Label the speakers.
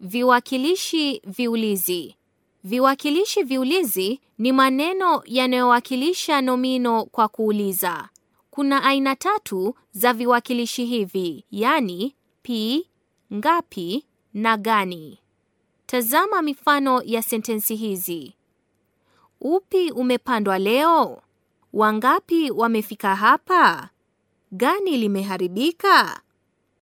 Speaker 1: Viwakilishi viulizi. Viwakilishi viulizi ni maneno yanayowakilisha nomino kwa kuuliza. Kuna aina tatu za viwakilishi hivi, yani pi, ngapi na gani. Tazama mifano ya sentensi hizi: upi umepandwa leo? Wangapi wamefika hapa? Gani
Speaker 2: limeharibika?